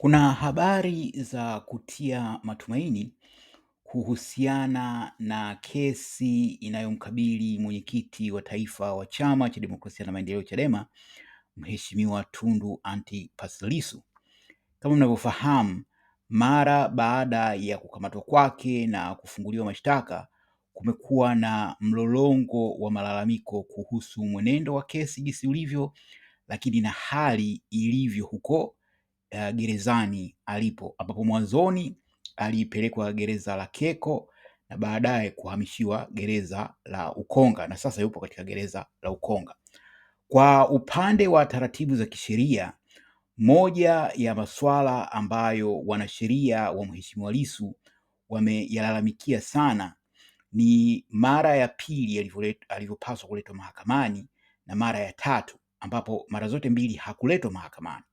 Kuna habari za kutia matumaini kuhusiana na kesi inayomkabili mwenyekiti wa taifa wa Chama cha Demokrasia na Maendeleo Chadema, Mheshimiwa Tundu Antipas Lissu. Kama mnavyofahamu, mara baada ya kukamatwa kwake na kufunguliwa mashtaka, kumekuwa na mlolongo wa malalamiko kuhusu mwenendo wa kesi jinsi ulivyo, lakini na hali ilivyo huko uh, gerezani alipo, ambapo mwanzoni alipelekwa gereza la Keko na baadaye kuhamishiwa gereza la Ukonga na sasa yupo katika gereza la Ukonga. Kwa upande wa taratibu za kisheria, moja ya masuala ambayo wanasheria wa Mheshimiwa lisu wameyalalamikia sana ni mara ya pili alivyopaswa kuletwa mahakamani na mara ya tatu, ambapo mara zote mbili hakuletwa mahakamani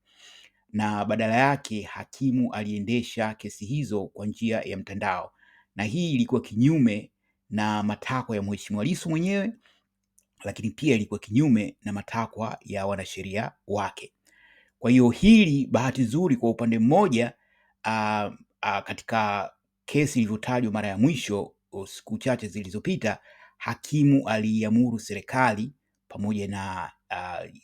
na badala yake hakimu aliendesha kesi hizo kwa njia ya mtandao, na hii ilikuwa kinyume na matakwa ya Mheshimiwa Lissu mwenyewe, lakini pia ilikuwa kinyume na matakwa ya wanasheria wake. Kwa hiyo hili, bahati nzuri kwa upande mmoja, a, a, katika kesi ilivyotajwa mara ya mwisho siku chache zilizopita, hakimu aliamuru serikali pamoja na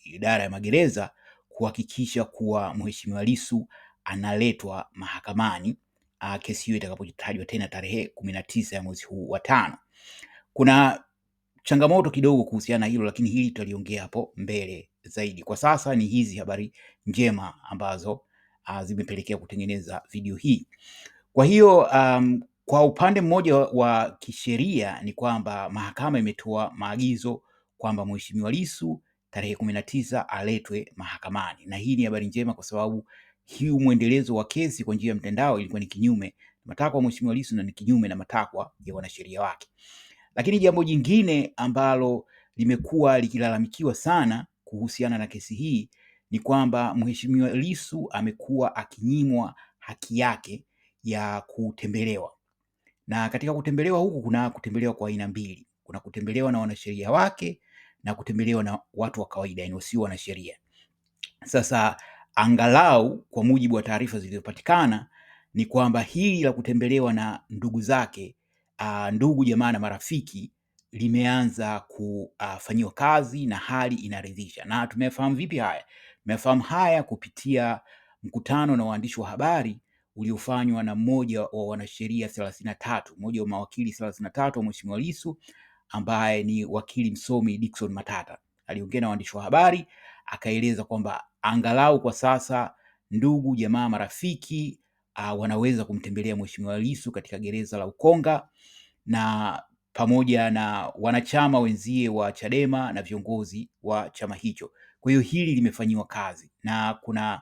idara ya magereza kuhakikisha kuwa Mheshimiwa Lissu analetwa mahakamani uh, kesi hiyo itakapotajwa tena tarehe kumi na tisa ya mwezi huu wa tano. Kuna changamoto kidogo kuhusiana na hilo, lakini hili tutaliongea hapo mbele zaidi. Kwa sasa ni hizi habari njema ambazo uh, zimepelekea kutengeneza video hii. Kwa hiyo um, kwa upande mmoja wa kisheria ni kwamba mahakama imetoa maagizo kwamba Mheshimiwa Lissu tarehe kumi na tisa aletwe mahakamani. Na hii ni habari njema kwa sababu huu mwendelezo wa kesi kwa njia ya mtandao ilikuwa ni kinyume matakwa ya Mheshimiwa Lissu na ni kinyume na matakwa ya wanasheria wake. Lakini jambo jingine ambalo limekuwa likilalamikiwa sana kuhusiana na kesi hii ni kwamba Mheshimiwa Lissu amekuwa akinyimwa haki yake ya kutembelewa, na katika kutembelewa huku kuna kutembelewa kwa aina mbili: kuna kutembelewa na wanasheria wake na kutembelewa na watu wa kawaida, yani wasio na sheria. Sasa angalau kwa mujibu wa taarifa zilizopatikana ni kwamba hili la kutembelewa na ndugu zake uh, ndugu jamaa na marafiki limeanza kufanyiwa kazi na hali inaridhisha. Na tumefahamu vipi haya? Tumefahamu haya kupitia mkutano na waandishi wa habari uliofanywa na mmoja wa wanasheria thelathini na tatu, mmoja wa mawakili thelathini na tatu wa Mheshimiwa Lissu ambaye ni wakili msomi Dickson Matata aliongea na waandishi wa habari akaeleza kwamba angalau kwa sasa ndugu jamaa, marafiki uh, wanaweza kumtembelea Mheshimiwa Lissu katika gereza la Ukonga na pamoja na wanachama wenzie wa Chadema na viongozi wa chama hicho. Kwa hiyo hili limefanyiwa kazi na kuna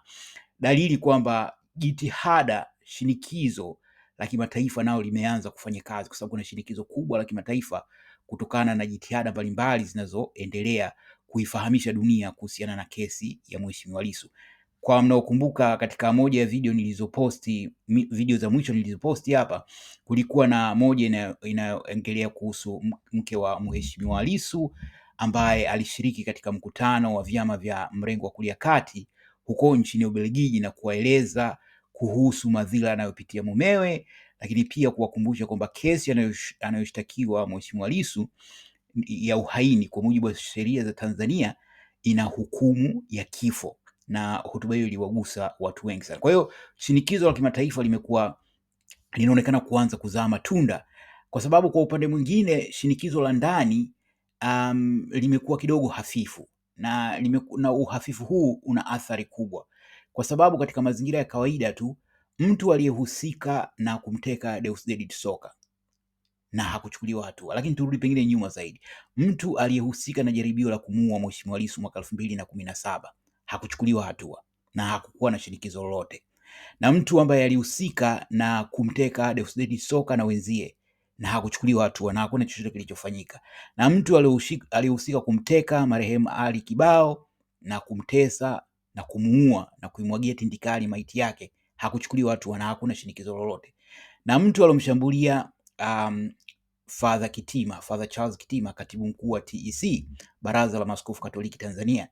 dalili kwamba jitihada, shinikizo la kimataifa nao limeanza kufanya kazi, kwa sababu kuna shinikizo kubwa la kimataifa kutokana na jitihada mbalimbali zinazoendelea kuifahamisha dunia kuhusiana na kesi ya Mheshimiwa Lissu. Kwa mnaokumbuka katika moja ya video nilizoposti, video za mwisho nilizoposti hapa, kulikuwa na moja inayoongelea kuhusu mke wa Mheshimiwa Lissu ambaye alishiriki katika mkutano wa vyama vya mrengo wa kulia kati huko nchini Ubelgiji na kuwaeleza kuhusu madhila anayopitia mumewe lakini pia kuwakumbusha kwamba kesi anayoshtakiwa Mheshimiwa Lissu ya uhaini kwa mujibu wa sheria za Tanzania ina hukumu ya kifo, na hotuba hiyo iliwagusa watu wengi sana. Kwa hiyo shinikizo la kimataifa limekuwa linaonekana kuanza kuzaa matunda, kwa sababu kwa upande mwingine shinikizo la ndani um, limekuwa kidogo hafifu na, limeku, na uhafifu huu una athari kubwa, kwa sababu katika mazingira ya kawaida tu mtu aliyehusika na kumteka Deusdedit Soka na hakuchukuliwa hatua. Lakini turudi pengine nyuma zaidi, mtu aliyehusika na jaribio la kumuua Mheshimiwa Lissu mwaka elfu mbili na kumi na saba hakuchukuliwa hatua na hakukuwa na shinikizo lolote, na mtu ambaye alihusika na kumteka Deusdedit Soka na wenzie na hakuchukuliwa hatua na hakuna chochote kilichofanyika, na mtu aliyehusika kumteka marehemu Ali Kibao na kumtesa na kumuua na kuimwagia tindikali maiti yake hakuchukuliwa hatua na hakuna shinikizo lolote. Na mtu alomshambulia um, Father Kitima, Father Charles Kitima, katibu mkuu wa TEC, Baraza la Maaskofu Katoliki Tanzania,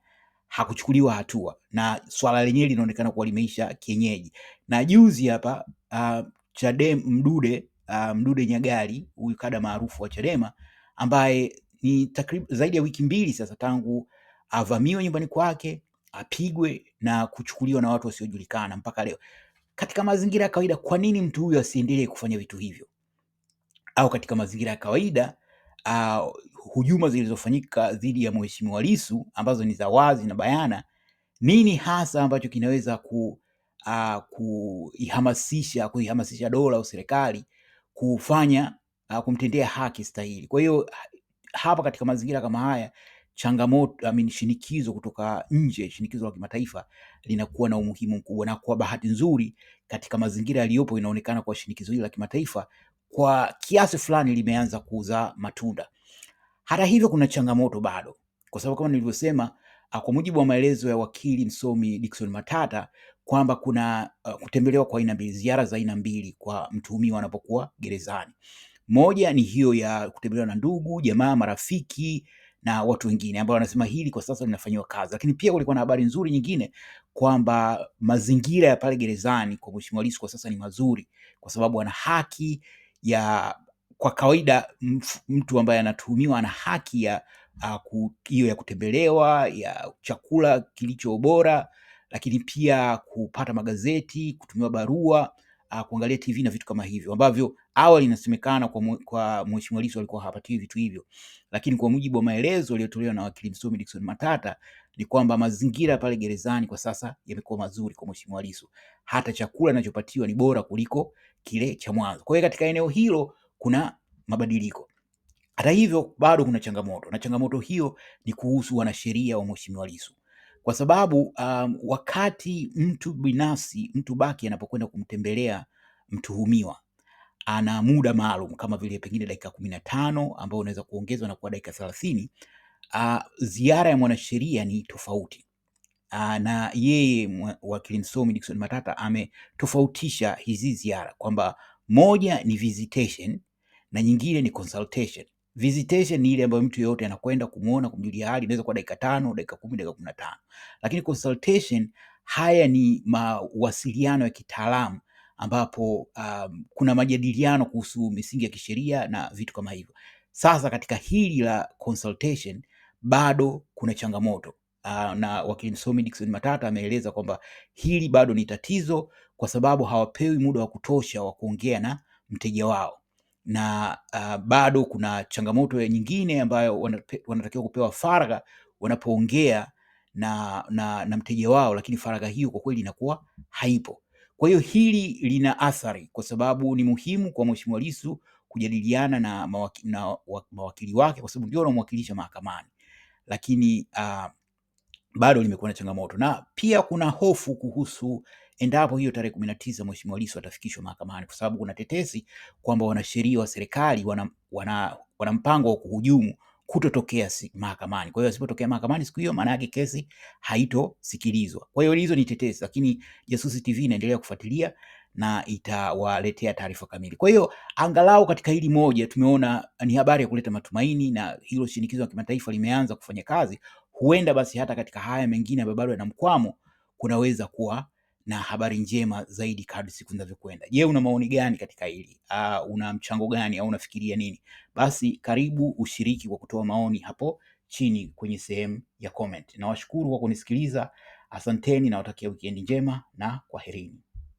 hakuchukuliwa hatua na swala lenyewe linaonekana kuwa limeisha kienyeji. Na juzi hapa uh, Chadema Mdude uh, Mdude Nyagali, huyu kada maarufu wa Chadema ambaye ni takriban zaidi ya wiki mbili sasa tangu avamiwe nyumbani kwake, apigwe na kuchukuliwa na watu wasiojulikana mpaka leo katika mazingira ya kawaida, kwa nini mtu huyu asiendelee kufanya vitu hivyo? Au katika mazingira ya kawaida uh, hujuma zilizofanyika dhidi ya Mheshimiwa Lissu ambazo ni za wazi na bayana, nini hasa ambacho kinaweza ku, uh, kuihamasisha kuihamasisha dola au serikali kufanya uh, kumtendea haki stahili? Kwa hiyo hapa katika mazingira kama haya changamoto I mean, shinikizo kutoka nje, shinikizo la kimataifa linakuwa na umuhimu mkubwa, na kwa bahati nzuri katika mazingira yaliyopo inaonekana kwa shinikizo hili la kimataifa kwa kiasi fulani limeanza kuzaa matunda. Hata hivyo, kuna changamoto bado, kwa sababu kama nilivyosema, ah, kwa mujibu wa maelezo ya wakili msomi Dickson Matata kwamba kuna uh, kutembelewa kwa aina mbili, ziara za aina mbili kwa mtuhumiwa anapokuwa gerezani. Moja ni hiyo ya kutembelewa na ndugu, jamaa, marafiki na watu wengine ambao wanasema hili kwa sasa linafanyiwa kazi. Lakini pia kulikuwa na habari nzuri nyingine kwamba mazingira ya pale gerezani kwa Mheshimiwa Lissu kwa sasa ni mazuri, kwa sababu ana haki ya kwa kawaida mtu ambaye anatuhumiwa ana haki ya hiyo ya kutembelewa, ya chakula kilicho bora, lakini pia kupata magazeti, kutumiwa barua uh, kuangalia TV na vitu kama hivyo ambavyo awali inasemekana kwa, kwa Mheshimiwa Lissu alikuwa hapatiwi vitu hivyo, lakini kwa mujibu wa maelezo yaliyotolewa na wakili msomi Dickson Matata ni kwamba mazingira pale gerezani kwa sasa yamekuwa mazuri kwa Mheshimiwa Lissu, hata chakula anachopatiwa ni bora kuliko kile cha mwanzo. Kwa hiyo katika eneo hilo kuna mabadiliko. Hata hivyo bado kuna changamoto na changamoto hiyo ni kuhusu wanasheria wa Mheshimiwa Lissu kwa sababu um, wakati mtu binafsi mtu baki anapokwenda kumtembelea mtuhumiwa ana muda maalum kama vile pengine dakika kumi na tano ambayo unaweza kuongezwa na kuwa dakika thelathini. Uh, ziara ya mwanasheria ni tofauti uh, na yeye wakili msomi Dickson Matata ametofautisha hizi ziara kwamba moja ni visitation na nyingine ni consultation. Visitation ni ile ambayo mtu yeyote anakwenda kumuona kumjulia hali, inaweza kuwa dakika tano, dakika kumi, dakika kumi na tano. Lakini consultation, haya ni mawasiliano ya kitaalamu ambapo um, kuna majadiliano kuhusu misingi ya kisheria na vitu kama hivyo. Sasa katika hili la consultation bado kuna changamoto uh, na wakili msomi Dickson Matata ameeleza kwamba hili bado ni tatizo kwa sababu hawapewi muda wa kutosha wa kuongea na mteja wao na uh, bado kuna changamoto nyingine ambayo wanatakiwa kupewa faragha wanapoongea na, na, na mteja wao, lakini faragha hiyo kwa kweli inakuwa haipo. Kwa hiyo hili lina athari, kwa sababu ni muhimu kwa Mheshimiwa Lissu kujadiliana na, mawaki, na mawakili wake, kwa sababu ndio wanamwakilisha mahakamani, lakini uh, bado limekuwa na changamoto, na pia kuna hofu kuhusu endapo hiyo tarehe kumi na tisa Mheshimiwa Lissu atafikishwa mahakamani, kwa sababu kuna tetesi kwamba wanasheria wa serikali wana, wana, wana mpango wa kuhujumu kutotokea si mahakamani. Kwa hiyo asipotokea mahakamani siku hiyo, maana yake kesi haitosikilizwa. Kwa hiyo hizo ni tetesi, lakini Jasusi TV inaendelea kufuatilia na itawaletea taarifa kamili. Kwa hiyo angalau katika hili moja tumeona ni habari ya kuleta matumaini, na hilo shinikizo la kimataifa limeanza kufanya kazi. Huenda basi hata katika haya mengine ambayo bado yana mkwamo kunaweza kuwa na habari njema zaidi kadri siku zinavyokwenda. Je, una maoni gani katika hili? Uh, una mchango gani au unafikiria nini? Basi karibu ushiriki kwa kutoa maoni hapo chini kwenye sehemu ya comment. Nawashukuru kwa kunisikiliza, asanteni, nawatakia wikendi njema na kwaherini.